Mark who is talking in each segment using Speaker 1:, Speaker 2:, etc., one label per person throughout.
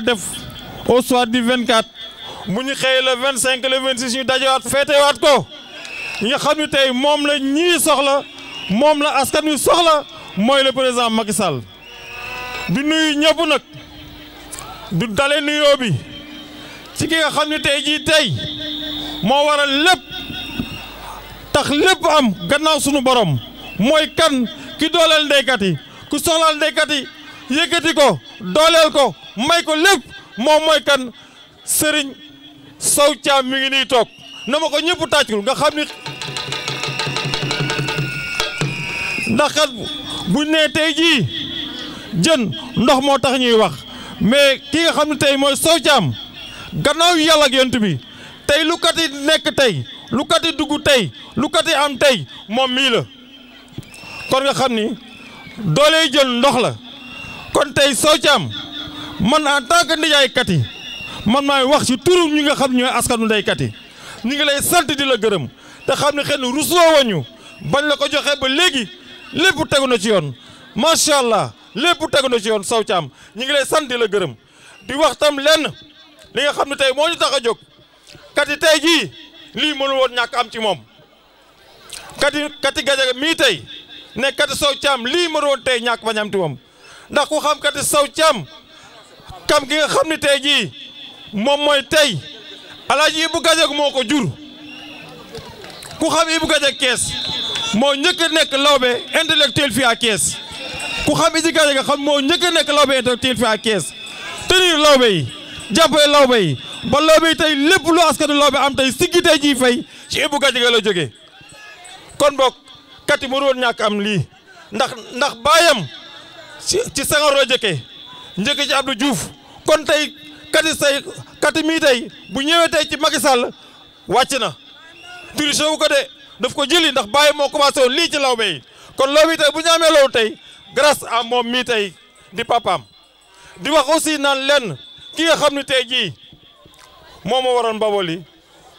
Speaker 1: yàlla def au soir du 24 bu ñu xëyee le 25 le 26 ñu dajewaat feetewaat ko nga xam ne tey moom la ñii soxla moom la askan wi soxla mooy le président Macky Sall du nuyu ñëpp nag du dale nuyoo bi ci ki xam ne tey jii tey moo waral lépp tax lépp am gannaaw sunu boroom mooy kan ki dooleel ndeykat ku soxlaal ndeykat yi yëkkati ko dooleel ko may ko lépp moom mooy kan Serigne Sow Thiam mi ngi nii toog nema ko ñëpp tàccul nga xam ni ndax kat buñ nee tey jii jën ndox moo tax ñuy wax mais ki nga xam ne tey mooy Sow Thiam gannaaw yàlla ak yont bi tey lu kat nekk tey lu kat dugg tey lu kat yi am tey moom mii la kon nga xam ni doolee jën ndox la kon tey Sow Thiam man en tant que ndijaaykat yi man maay wax ci turum ñi nga xam ñooy askanu ndeykat yi ñu ngi lay sant di la gërëm te xam ne xel rusloo wañu bañ la ko joxee ba léegi lépp tegu na ci yoon macha allah lépp tegu na ci yoon Sow Thiam ñu ngi lay sant di la gërëm di wax tam lenn li nga xam ne tey moo ñu tax a jóg kati tey jii lii mënul woon ñàkk am ci moom kati kati Gadiaga mii tey ne kati Sow Thiam lii mënul woon tey ñàkk bañ am ci moom. ndax ku xam kati saw caam kam gi nga xam ni moom mooy tey alaaji Ibou Gadiaga moo ko jur ku xam Ibou Gadiaga Kees moo njëkk nekk lawbe intellectuel fi à Kees ku xam Ibou Gadiaga xam moo njëkk nekk lawbe intellectuel fii à Kees tenir lawbe yi jàppale lawbe yi ba lawbe tey lépp lu askanu lawbe am tey siggi tey jii fay ci Ibou Gadiaga la jógee kon boog kati mu doon ñàkk am lii ndax ndax baayam ci Senghor la jëkkee njëkk ci Abdou Diouf kon tey kati say kati mii tey bu ñëwee tey ci Macky Sall wàcc na triché wu ko de daf ko jëli ndax bàyyi moo commencé woon lii ci lawbe yi kon lawbe tey bu ñu amee tey grâce à moom mii tey di papaam di wax aussi naan lenn ki nga xam ne tey jii moo ma waroon Bawol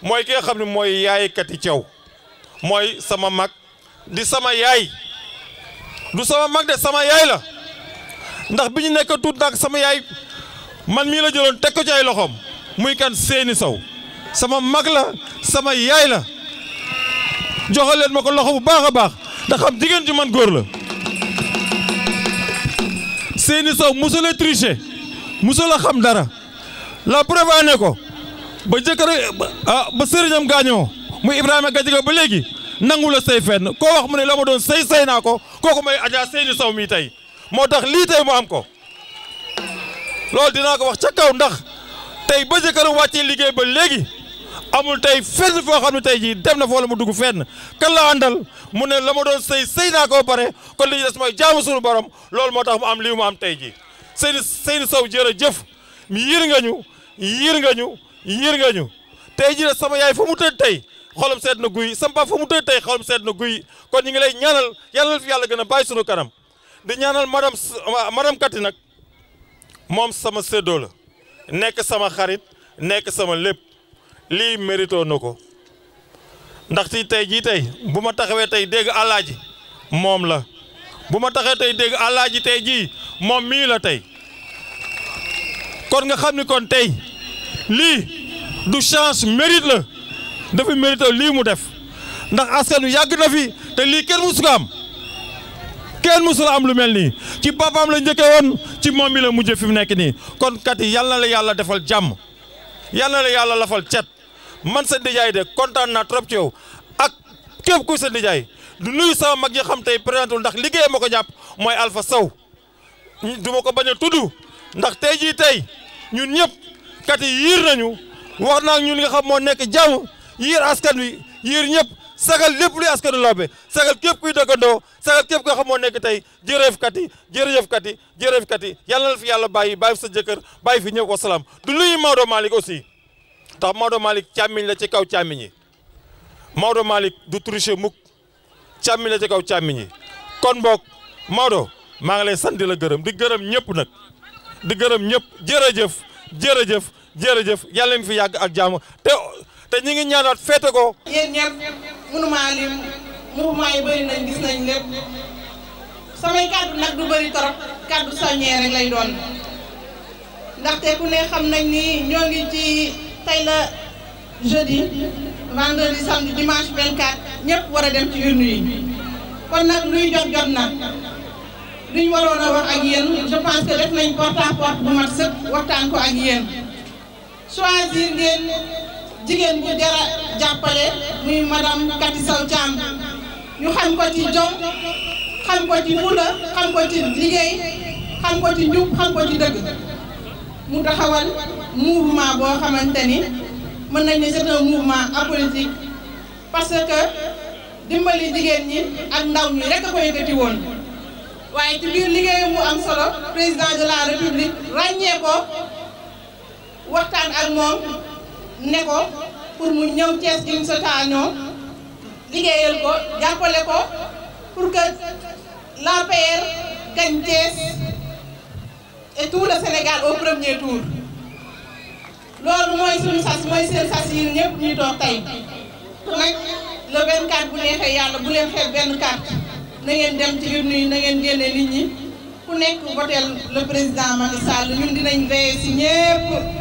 Speaker 1: mooy ki nga xam ne mooy yaay kati Thiaw mooy sama mag di sama yaay du sama mag de sama yaay la ndax bi ñu nekk tuut nag sama yaay man mii la jëloon teg ko ci ay loxoom muy kan seeni saw sama mag la sama yaay la joxal leen ma ko loxo bu baax a baax ndax xam jigéen ji man góor la seeni saw musul a tricher musul a xam dara la preuve ane ko ba jëkkër ah ba sëriñam gaañoo muy Ibrahima Gadiaga ba léegi nangu la sey fenn koo wax mu ne la ma doon sey sëy naa ko koo ko may ajaa seeni saw mii tey moo tax lii tey mu am ko loolu dinaa ko wax ca kaw ndax tey ba jëkkëram wàccee liggéey ba léegi amul tey fenn foo xam ne tey jii dem na foo la mu dugg fenn kan la àndal mu ne la ma doon sëy sëy naa ko pare kon li ñu des mooy jaamu suñu borom loolu moo tax mu am lii mu am tey jii sëy sëy saw jërëjëf yiir nga ñu yiir nga ñu yiir nga ñu tey jii sama yaay fa mu tëj tey xolam seet na guy sama ba fa mu tëj tey xolam seet na guy kon ñu ngi lay ñaanal yàlla fi yàlla gën a bàyyi sunu kanam di ñaanal madame madame Kati nag moom sama séddoo la nekk sama xarit nekk sama lépp lii mérito na ko ndax ci tey jii tey bu ma taxawee tey dégg àllaaji moom la bu ma taxawee tey dégg àllaaji tey jii moom mii la tey kon nga xam ni kon tey lii du chance mérite la dafa mérito lii mu def ndax askan wi yàgg na fi te lii kenn musu ko am kenn musul am lu mel nii ci papaam la njëkkee woon ci moom mi la mujje fi mu nekk nii kon kat yi yal na la yàlla defal jàmm yal na la yàlla lafal cet man sa nijaay de kontaan naa trop ci yow ak képp kuy sa nijaay du nuyu sama mag yi xam tey présentul ndax liggéey ma ko jàpp mooy Alpha saw du ko bañ a tudd ndax tey jii tey ñun ñëpp kat yi yiir nañu wax naa ñun nga xam moo nekk jàmm yiir askan wi yiir ñëpp. sagal lépp luy askanu Laobé sagal képp kuy dëkkandoo sagal képp koo xam nekk tey jërëjëfkat yi jërëjëfkat yi jërëjëfkat yi yàlla na fi yàlla bàyyi bàyyi fi sa jëkkër bàyyi fi ñëw ko salaam du luy Maodo Malick aussi ndax Maodo Malick càmmiñ la ci kaw càmmiñ yi Maodo malik du tricher muk càmmiñ la ci kaw càmmiñ yi kon boog Maodo maa ngi lay sant di la gërëm di gërëm ñëpp nag di gërëm ñëpp jërëjëf jërëjëf jërëjëf yàlla na fi yàgg ak jàmm te te ñu ngi ñaanaat féete
Speaker 2: mënumaa lim
Speaker 1: mouvement yi bëri nañ gis nañ lépp
Speaker 2: samay kàddu nag du bëri torop kàddu soññee rek lay doon ndaxte ku ne xam nañ ni ñoo ngi ci tey la jeudi vendredi samedi dimanche 24 ñëpp war a dem ci urne yi kon nag luy jot jot na luñ waroon a wax ak yéen je pense nañ porte à porte bu mat sëkk waxtaan ko ak yéen choisir ngeen jigéen bu jara jàppale muy madame Kati Sow Thiam ñu xam ko ci jom xam ko ci fulla xam ko ci liggéey xam ko ci njub xam ko ci dëgg mu taxawal mouvement boo xamante ni mën nañ ne c'est un mouvement apolitique parce que dimbali jigéen ñi ak ndaw ñi rek ko yëkkati woon waaye ci biir am solo président de république ràññee ko waxtaan ak moom ne ko pour mu ñëw cees Green Sota ñoo liggéeyal ko jàppale ko pour que l'APR gagne Thiès et tout le Sénégal au premier tour loolu mooy suñu sas mooy seen sas yi ñëpp ñuy toog tey nag le 24 bu neexee yàlla bu leen xeeb benn carte na ngeen dem ci urne yi na ngeen génne nit ñi ku nekk voteel le président Macky Sall ñun dinañ veiller si ñëpp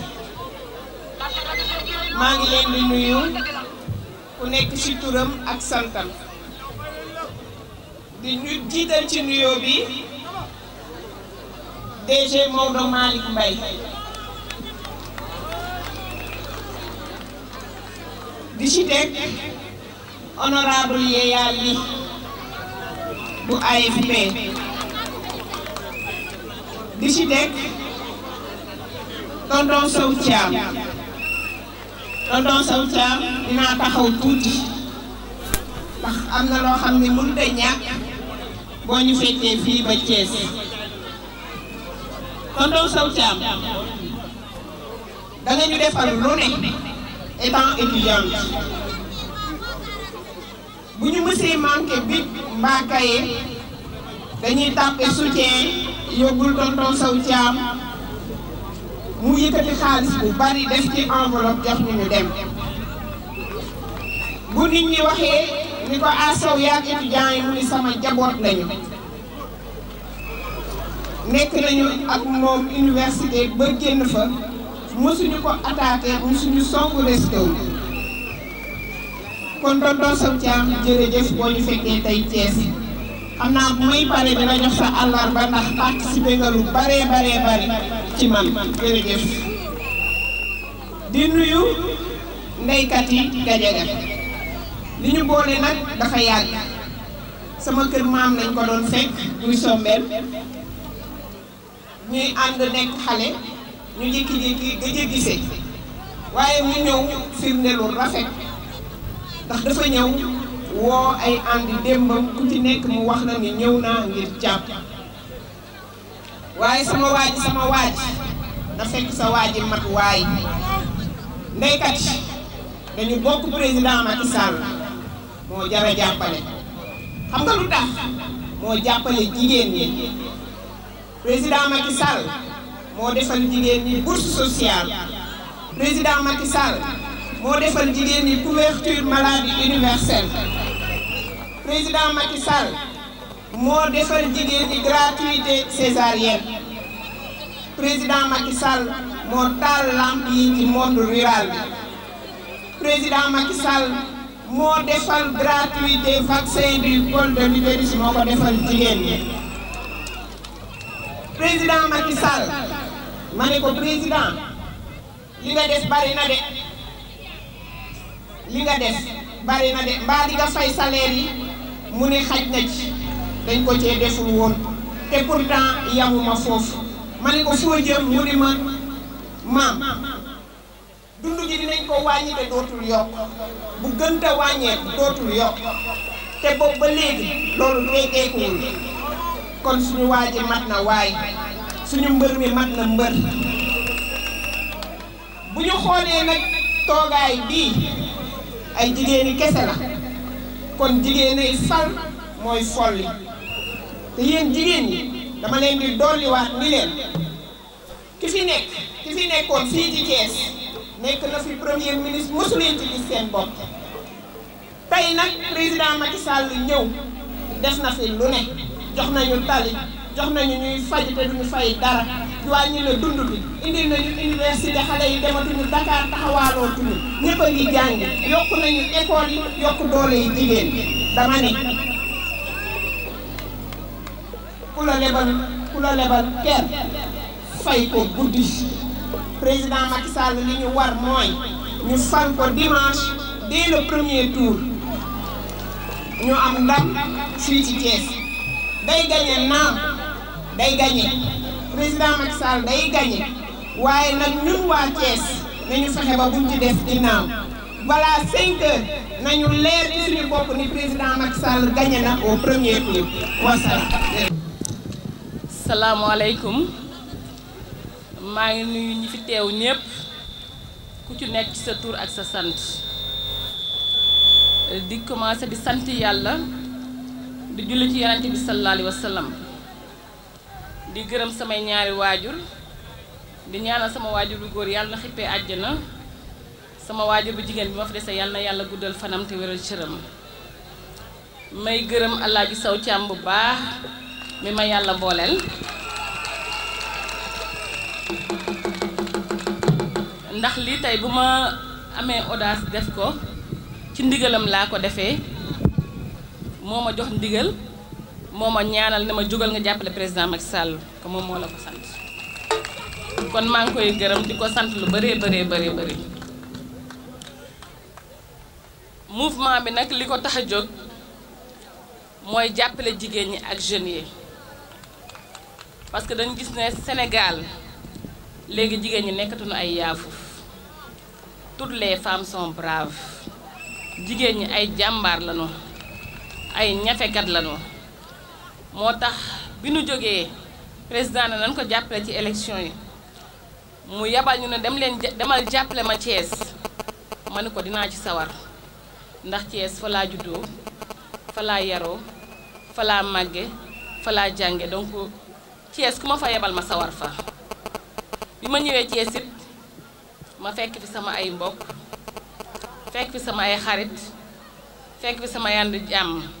Speaker 2: maa ngi leen di nuyu ku
Speaker 3: nekk ci turam ak santam di ñu jiital ci nuyoo bi DG Maodo Malick Mbaye di ci teg honorable Yaya Ly bu AFP di ci teg tonton Sow Thiam tonton Sow Thiam dinaa taxaw tuuti ndax am na loo xam ne mënut a ñàkk boo ñu fekkee fii ba Thiès tonton Sow Thiam ñu defar lu ne étant étudiante bu ñu mësee manqué bic mbaa dañuy tàppe soutien yóbbul tonton mu yëkkati xaalis bu bari def ci enveloppe jox ñu ñu dem bu nit ñi waxee ni ko asow ah, yaag étudiants yi mu ni sama jaboot lañu nekk nañu ak moom université ba génn fa mësuñu ko attaqué mësuñu songu resto kon tonton Sow Thiam jërëjëf boo fekkee tey Thiès xam naa bu may pare dina jox sa àllarba ndax participer nga lu baree baree bare ci man jërëjëf di nuyu ndeykat yi Gajaga li ñu boole nag dafa yàgg sama kër maam lañ ko doon fekk muy sombeel ñuy ànd nekk xale ñu jékki-jékki gëj a waaye mu ñëw firnde rafet ndax dafa ñëw woo ay àndi démbam ku ci nekk mu wax na ni ñëw naa ngir jàpp waaye sama waaji sama waaj na fekk sa waaji mat waay ndeykat dañu bokk président Macky Sall moo jara jàppale xam nga lu tax moo jàppale jigéen ñi président Macky Sall moo defal jigéen ñi bourse sociale président i Sall moo defal jigéen ñi couverture maladie président Macky Sall moo defal jigéen ñi gratuité césarienne président Macky Sall moo taal lamp yi ci monde rural bi président Macky Sall moo defal gratuité vaccin du col de l'utérus moo ko defal jigéen ñi président Macky ma ne ko président li nga def bari na de li nga def bari na de mbaa di yi mu ne xaj na ci dañ ko cee deful woon te pourtant yamuma foofu ma ne ko foo jëm mu ne ma maam dund gi dinañ ko wàññi te dootul yokk bu gënta wàññee dootul yokk te boobu ba léegi loolu régeekuwul kon suñu waa ji mat na waay suñu mbër mi mat na mbër bu ñu xoolee nag toogaay bii ay jigéeni kese la kon jigéen ay sal mooy folli te yéen jigéen ñi dama leen di dolliwaat ni leen ki fi nekk ki fi nekkoon fii ci Thiès nekk na fi premier ministre mosu leen ci gis seen bopp tey nag président Macky Sall ñëw def na fi lu ne jox nañu tali jox nañu ñuy faj te duñu fay dara wàññi la dund bi indi nañu université xale yi dematuñu Dakar taxawaalootuñu ñëpp a ngi jàngi yokk nañu école yi yokk doole yi jigéen dama ne ku la lebal ker fay ko guddi président Macky Sall li ñu war mooy ñu fal ko dimanche dès le premier tour ñu am ndam fii ci Thiès day gañe naam day gañe président Macky Sall day gañe waaye nag ñun waa Thiès nañu fexe ba buñ ci def ginnaaw balaa 5 heures nañu leer ci suñu bopp ni président Macky Sall gañe na au premier tour wasalaam.
Speaker 4: salaamaaleykum maa ngi nuyu ñi fi teew ñëpp ku ci nekk ci sa tur ak sa sant di commencé di sant yàlla. di julli ci yonent bi sallallahu alayhi wa di gërëm samay ñaari waajur di ñaanal sama waajur bu góor yàlla na xippee àjjana sama waajur bu jigéen bi ma fa dese yàlla guddal fanam te wéral cëram may gërëm Alaaji Saw am bu baax mi ma yàlla booleel ndax lii tey bu ma amee odaas def ko ci ndigalam laa ko defee moo ma jox ndigal moo ma ñaanal ne ma jógal nga jàppale président Macky Sall ko moom moo la ko sant kon maa ngi koy gërëm di ko sant lu bëree bëree bëree bëri mouvement bi nag li ko tax a jóg mooy jàppale jigéen ñi ak jeunes yi parce que dañu gis ne Sénégal léegi jigéen ñi nekkatuñu ay yaafuf tout les femmes sont braves jigéen ñi ay jàmbaar lañu ay ñafekat lañu moo tax bi nu jógee président ne nañ ko jàppale ci élection yi mu yebal ñu ne dem leen demal jàppale ma Thiès ma ne ko dinaa ci sawar ndax Thiès fa laa juddoo fa laa yaroo falaa màgge falaa laa jànge donc Thiès ku ma fa yebal ma sawar fa bi ma ñëwee Thiès ma fekk fi sama ay mbokk fekk fi sama ay xarit fekk fi sama yand jàmm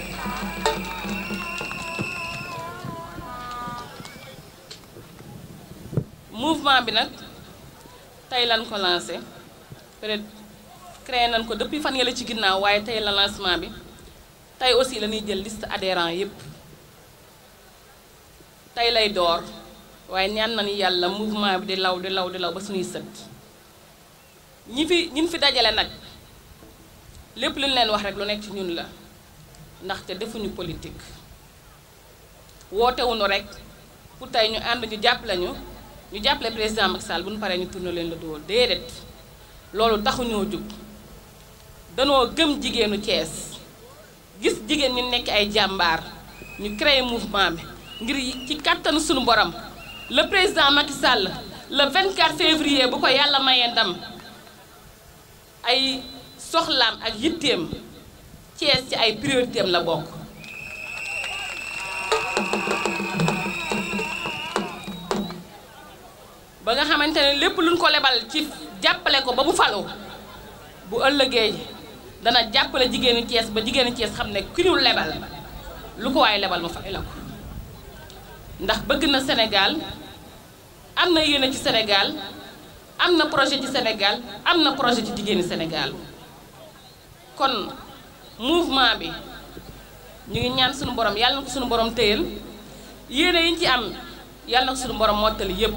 Speaker 4: mouvement bi nak tay lan ko lancer peut-être créé nañ ko depuis fan yële ci ginnaw waye tay la lancement bi tay aussi la ni jël liste adhérents yépp tay lay door waye ñaan nan yalla mouvement bi di law di law di law ba suñuy seut ñi fi ñin fi dajalé nak lépp lu leen wax rek lu nekk ci ñun la ndax ndaxte defuñu politique wote wootewuñu rek pour tay ñu and ñu japp lañu ñu le président Macky Sall de ñu paree ñu de nous la dool déedéet loolu dit que nous gëm jigéenu Thiès gis jigéen ñi nekk ay Nous ñu créé mouvement bi ngir ci sur le président Macky Sall le 24 février bu ko yàlla nous ndam ay soxlaam ak Thiès la ba nga xamante ne lépp luñ ko lebal ci jàppale ko ba mu faloo bu ëllëgee dana jàppale jigéenu cees ba jigéenu cees xam ne ki ñu lebal lu ko waaye lebal mu fay la ko ndax bëgg na Sénégal am na yéene ci senegal am na projet ci senegal am na projet ci jigéenu Sénégal kon mouvement bi ñu ngi ñaan sunu borom yàlla na ko suñu borom téyel yéene yi ñu ci am yàlla na ko suñu borom mottali yépp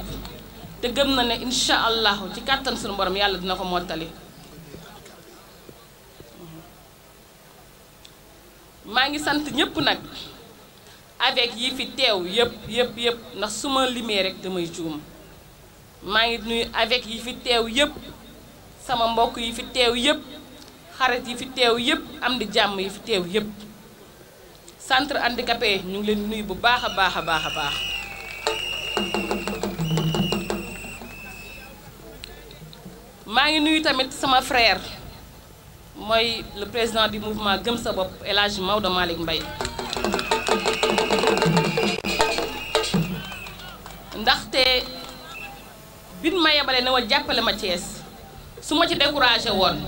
Speaker 4: te gëm na ne incha allahu ci kàttan suñu borom yàlla dina ko mottali maa ngi sant ñëpp nag avec yi fi teew yëpp yëpp yëpp ndax su ma limee rek damay juum maa ngi nuyu avec yi fi teew yëpp sama mbokk yi fi teew yëpp xarit yi fi teew yëpp am di jàmm yi fi teew yëpp centre handicapé ñu ngi leen nuyu bu baax a baax a baax a baax maa ngi nuyu tamit sama frère mooy le président du mouvement gëm sa bopp elage Hadj malik mbay ndaxte bin ma yebale na wa jàppale ma Thiès su ma ci découragé woon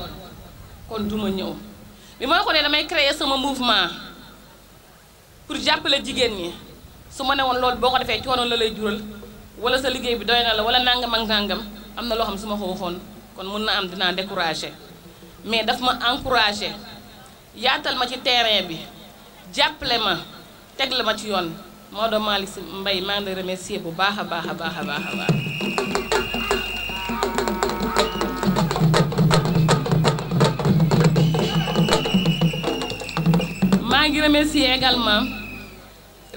Speaker 4: kon du ma ñëw bi ma ko ne damay créer sama mouvement pour jàppale jigéen ñi su ma ne woon loolu boo ko defee coono la lay jural wala sa liggéey bi doy na la wala nangam ak nangam am na xam su ma kon mun na am dinaa découragé mais daf ma encouragé yaatal ma ci terrain bi jàppale ma teg la ma ci yoon moo Malick Sy mbay maa ngi lay bu baax a baax a baax a baax a baax maa ngi remercier également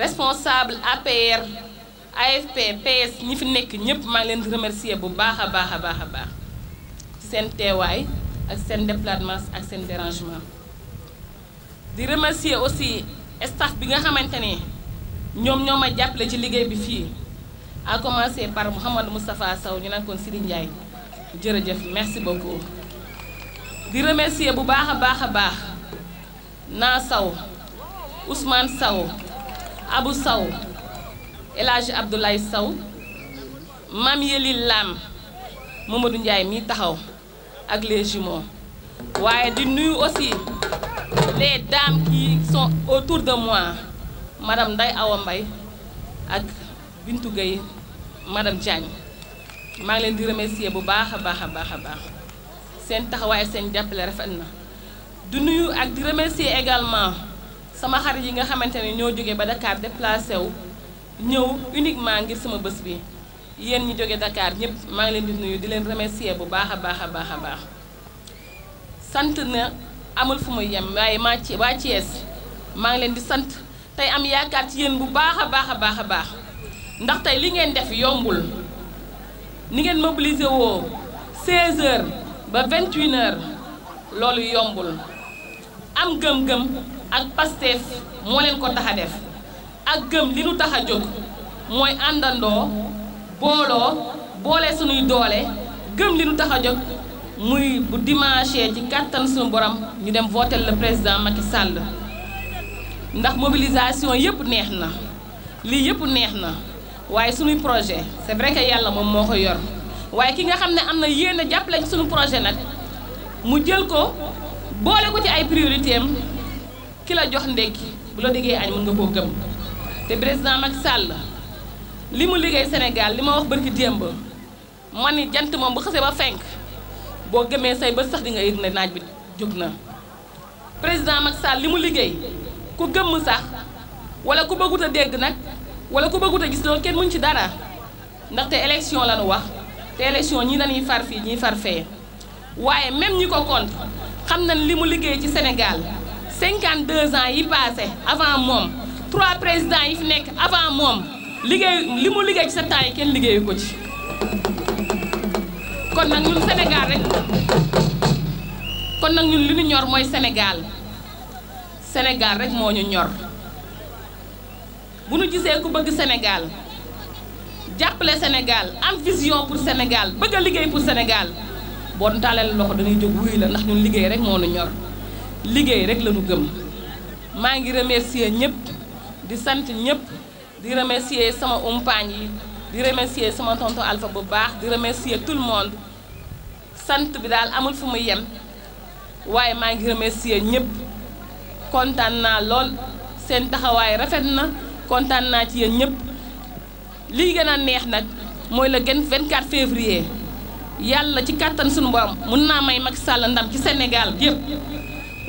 Speaker 4: responsable APR AFP PS ñi fi nekk ñëpp maa ngi leen di remercier bu baax a baax a baax a baax seen teewaay ak seen déplacement ak seen dérangement di remercier aussi staff bi nga xamante ne ñoom ñoo ma jàppale ci liggéey bi fii à commencer par Mouhamadou Moustapha saw ñu naan kon Sidi Ndiaye jërëjëf merci beaucoup. di remercier bu baax a baax a baax naa saw Ousmane saw abu saw El Hadj Abdoulaye Sow Mam Yelil Lam Mamadou njaay mii taxaw. ak les jumeaux waaye di nuyu aussi les dames qui sont autour de moi madame Ndeye Awa mbay ak Bintou Gueye madame Diagne maa ngi leen di remercier bu baax a baax a baax a baax seen taxawaay seen jàppale rafet na di nuyu ak di remercier également sama xarit yi nga xamante ne ñoo jógee ba Dakar déplacé wu ñëw uniquement ngir sama bés bi yen ñi joggé Dakar ñep ma ngi leen di nuyu di leen remercier bu baaxa baaxa baaxa baax sante na amul fu muy yam waaye ma ci ci es ma ngi leen di sante tey am yaakaar ci bu baaxa baaxa baaxa baax ndax tey li ngeen def yombul ni ngeen mobiliser woo 16 heures ba 28 heures loolu yombul am gëm-gëm ak Pastef moo leen ko tax a def ak gëm li nu tax a jóg mooy booloo boole sunuy doole gëm li nu tax a jóg muy bu dimanche ci kàttan sunu borom ñu dem voter la président Macky Sall ndax mobilisation yëpp neex na lii yëpp neex na waaye sunuy projet c'est vrai que yàlla moom moo ko yor waaye ki nga xam ne am na yéen a jàppale sunu projet nag mu jël ko boole ko ci ay priorité am ki la jox ndékki bu la déggee añ mën nga koo gëm te président Macky Sall. li mu liggéey Sénégal li ma wax barki démb ma ni jant moom bu xasee ba fenk boo gëmee say ba sax di nga yëg ne naaj bi jóg na président Macky Sall li mu liggéey ku gëmm sax wala ku bëggut dégg nag wala ku bëggut a gis loolu kenn muñ ci dara ndaxte élection la nu wax te élection ñii dañuy far fii ñii far fee waaye même ñi ko compte xam nañ li mu liggéey ci Sénégal 52 ans yi passé avant moom trois présidents yi fi nekk avant moom liggéey li mu liggéey ci sa temps yi kenn liggéeyu ko ci kon nag ñun Sénégal rek kon nag ñun li ñu ñor mooy senegaal Sénégal rek moo ñu ñor bu ñu gisee ku bëgg Sénégal jàppale Sénégal am vision pour Sénégal bëgg a liggéey pour Sénégal boo nu tàllale loxo dañuy jóg wuy la ndax ñun liggéey rek moo ñu ñor liggéey rek la ñu maa ngi remercier ñëpp di sant ñëpp. di remercier sama umpaañ yi di remercier sama tonton alfa bu baax di remercier tout le monde sant bi daal amul fu muy yem waaye maa ngi remercier ñëpp kontaan naa lool seen taxawaay rafet na kontaan naa ci yéen ñëpp lii gën a neex nag mooy la gën 24 février yàlla ci kàttan suñu borom mun naa may mag Sall ndam ci Sénégal yëpp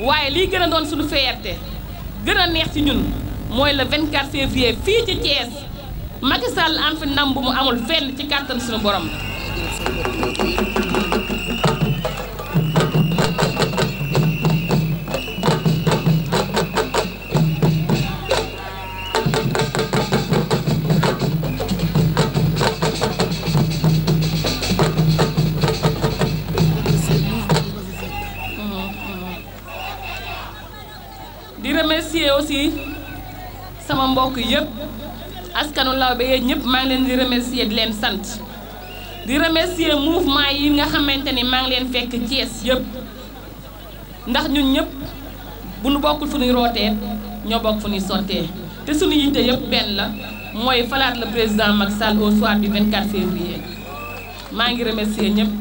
Speaker 4: waaye lii gën a doon suñu fierté gën a neex ci ñun mooy le 24 février fii ci Thiès Macky Sall am fi ndam bu mu amul fenn ci kàttan suñu borom. mbokk yëpp askanu Lawbe yéen ñëpp maa ngi leen di remercier di leen sant di remercier mouvement yi nga xamante ni maa ngi leen fekk Thiès yëpp ndax ñun ñëpp bu nu bokkul fu ñuy rootee ñoo bokk fu ñuy sottee te suñu yitte yëpp benn la mooy falaat le président Macky Sall au soir du 24 février maa ngi remercier ñëpp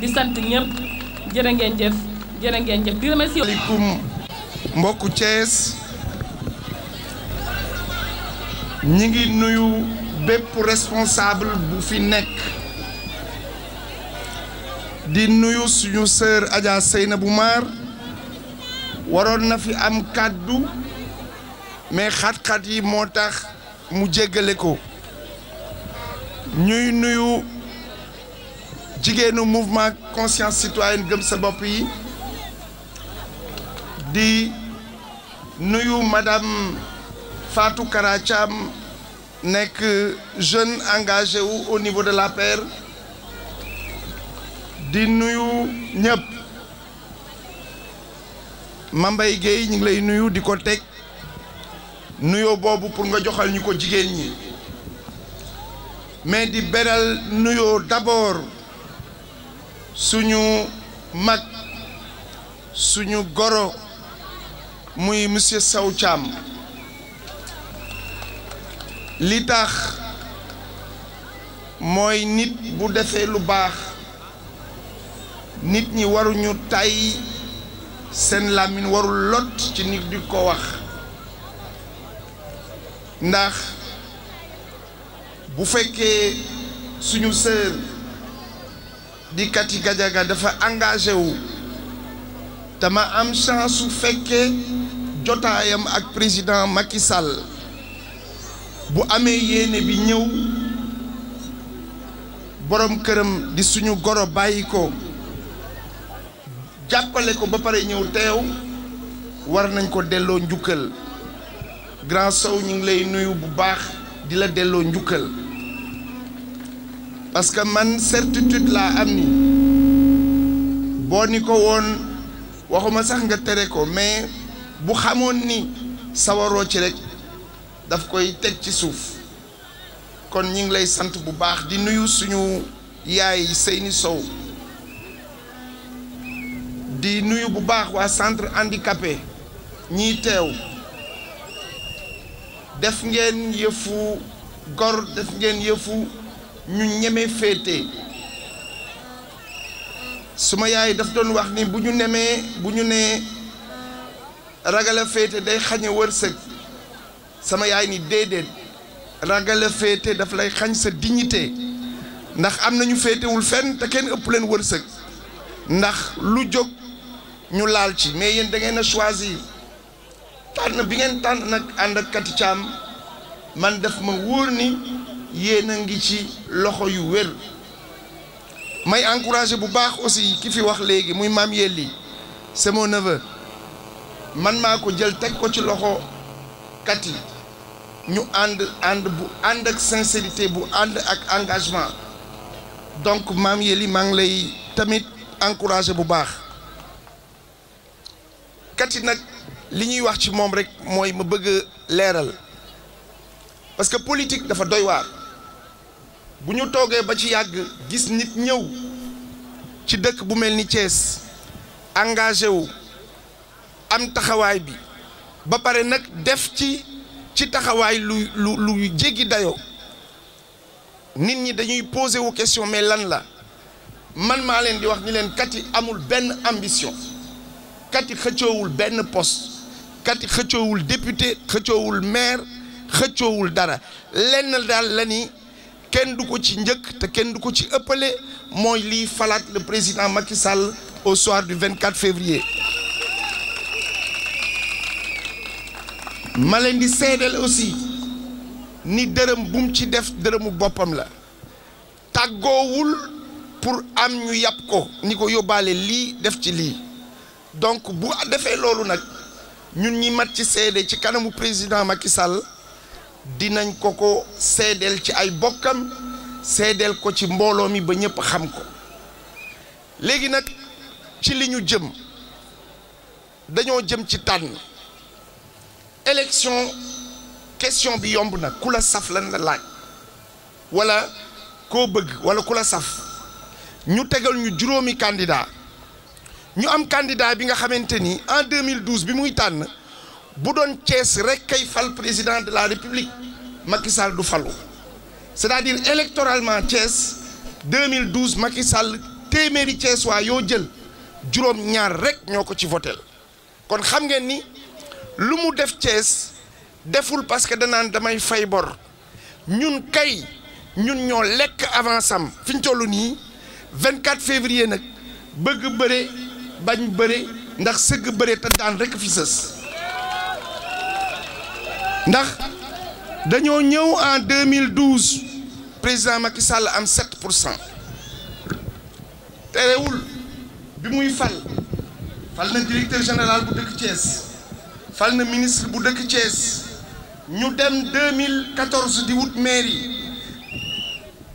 Speaker 4: di sant ñëpp jërë ngeen jëf jërë ngeen jëf di remercier.
Speaker 5: mbokku Thiès. ñi ngi nuyu bépp responsable bu fi nekk di nuyu suñu sœur na bu Mar waroon na fi am kàddu mais xat-xat yi moo tax mu jéggale ko ñuy nuyu jigéenu mouvement conscience citoyenne gëm sa bopp yi di nuyu madame faatu Kara nekk jeune engagé wu au niveau de la l'APR di nuyu ñëpp Mambay Gueye ñu ngi lay nuyu di ko teg nuyoo boobu pour nga joxal ñu ko jigéen ñi mais di beral nuyoo d'abord suñu mag suñu goro muy monsieur saw càmm li tax mooy nit bu defee lu baax nit ñi waruñu tay seen làmmiñ warul lot ci nit di ko wax ndax bu fekkee suñu sœur di Kati Gadiaga dafa engagé wu dama am chance su fekkee jotaayam ak président Macky Sall bu amee yéene bi ñëw boroom këram di suñu goro bàyyi ko jàppale ko ba pare ñëw teew war nañ ko delloo njukkal grand sow ñu ngi lay nuyu bu baax di la delloo njukkal parce que man certitude laa am ni boo ni ko woon waxuma sax nga tere ko mais bu xamoon ni sawaroo ci rek daf koy teg ci suuf kon ñu ngi lay sant bu baax di nuyu suñu yaay Seyni Sow di nuyu bu baax waa centre handicapé ñiy teew def ngeen yëfu gor def ngeen yëfu ñu ñeme féete suma yaay daf doon wax ni bu ñu nemee bu ñu nee ragala féete day xañe wërsëg sama yaay ni déedéet ragal a féete daf lay xañ sa dignité ndax am nañu féetewul fenn te kenn ëpp leen wërsëg ndax lu jóg ñu laal ci mais yéen da ngeen a choisir tànn bi ngeen tànn nag ànd ak Katy man daf ma wóor ni yéen a ngi ci loxo yu wér may encouragé bu baax aussi ki fi wax léegi muy maam Yelli c'est mon neveu man maa ko jël teg ko ci loxo. nous ñu bu sincérité bu and ak engagement donc mam yeli tamit encourager bu baax nak wax ci rek ma bëgg parce que politique dafa doy war bu ñu ba ci gis nit ñëw ci dëkk bu melni engagé wu am bi ba paré nak def ci ci taxaway lu lu jéggi nit ñi wu question mais lan la man si leen di wax ni Kati amul ben ambition Kati xëcëwul ben poste Kati xëcëwul député xëcëwul maire xëcëwul dara lenn dal la kenn du ci ñëk te le président Macky Sall au soir du 24 février ma leen di seedeel aussi ni dërëm bum ci def dërëmu boppam la tàggoowul pour am ñu yàpp ko ni ko yóbbaale lii def ci lii donc bu defee loolu nag ñun ñi mat ci seede ci kanamu président Macky Sall dinañ ko ko seedeel ci ay bokkam seedeel ko ci mbooloo mi ba ñëpp xam ko léegi nag ci li ñu jëm dañoo jëm ci tànn élection question bi yomb na kula la saf lan la laaj wala ko bëgg wala kula saf ñu tégal ñu juroomi candidat ñu am candidat bi nga xamanteni en 2012 bi muy tan bu doon Thiès rek kay fal président de la république Macky Sall du c'est-à-dire électoralement Thiès 2012 Macky Sall téeméeri Thiès wa yo jël juroom ñaar rek ñoo ko ci voter kon xam ngeen ni lu mu def ties parce que nous damay fay bor ñun kay ñun fait lekk avance am fi ñu 24 février nous bëgg bëré bañ bëré ndax sëgg bëré ta daan rek fi en 2012 président Macky Sall am 7 bi muy directeur général bu dëkk fal na ministre bu dëkk Thiès ñu dem 2014 di wut mairie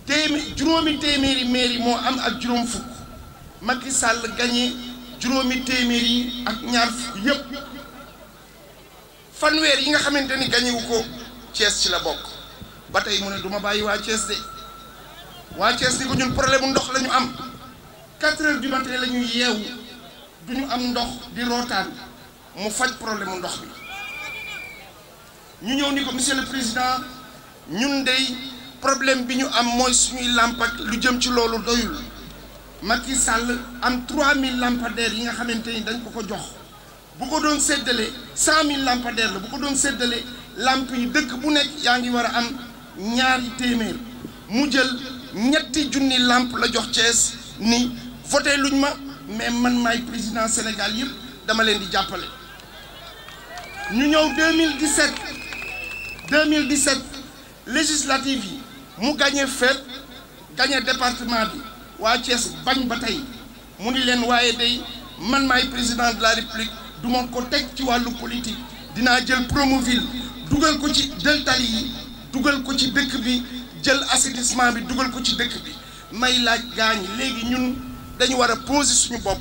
Speaker 5: téemé juroomi téeméeri mairie mo am ak juroom fukk Macky Sall gagné juroomi téeméer ak ñaar fukk yépp fanwer yi nga xamanteni gagné wu ko Thiès ci la bok batay mu ne duma bayyi wa Thiès dé wa Thiès ni ko ñun problème ndox lañu am 4 h du matin lañu ñuy duñu am ndox di rotane mu faj problème mu ndox bi ñu ñëw ni ko monsieur le président ñun dey problème bi ñu am mooy suñuy làmp ak lu jëm ci loolu doyul Macky Sall am 3000 lampadaires yi nga xamante ni dañ ko ko jox bu ko doon séddale 100000 lampadaires la bu ko doon séddale làmp yi dëkk bu nekk yaa ngi war a am ñaari téeméer mu jël ñetti junni làmp la jox Thiès ni voté ma mais man maay président Sénégal yëpp dama leen di jàppale. ñu ñëw 2017 2017 législative yi mu gagné fête gagné département bi waa Thiès bañ ba tey mu ni leen waaye day man maay président de la république du ma ko teg ci wàllu politique dinaa jël Promoville dugal ko ci jël tali yi dugal ko ci dëkk bi jël assainissement bi dugal ko ci dëkk bi may laaj gaañ léegi ñun dañu war a poser suñu bopp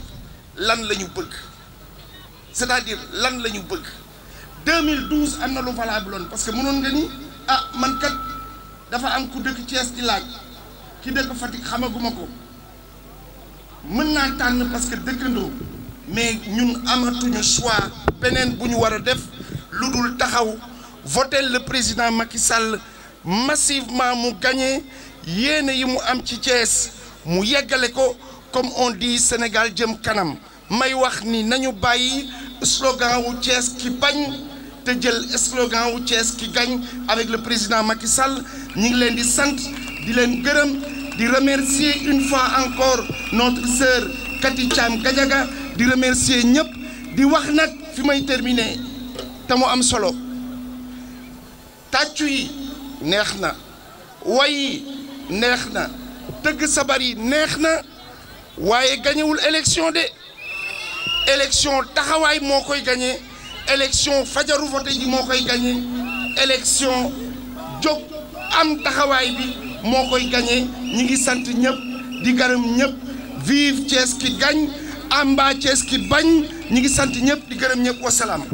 Speaker 5: lan la ñu bëgg c'est-à-dire lan la ñu bëgg. 2012 am na lu valable loon parce que mënoon nga ni ah man kat dafa am ku dëkk Thiès di laaj ki dëkk Fatick xamaguma ko mën naa tànn parce que dëkkandoo mais ñun amatuñu choix beneen bu ñu war a def lu dul taxaw voter le président Macky Sall massivement mu gagné yéene yi mu am ci Thiès mu yeggale ko comme on di Sénégal jëm kanam may wax ni nañu bàyyi slogan wu Thiès ki bañ. te jël slogan wu ties qui gagne avec le président Macky Sall ñi ngi leen di sant di leen gërëm di remercier une fois encore notre sœur Kati Thiam Gadiaga di remercier ñëpp di wax nak fi may terminer Tamo mo am solo tatchu yi neexna way yi neex na tëgg sabar yi neex na waaye élection de élection taxaway mo koy élection fajaru vote qui m'a koy gagné élection Djok am taxawaay bi moo gagner, gagné ñi ngi sant di vive Thiès qui gagne, amba Thiès qui bagne, ñi ngi sant di gërëm wa salam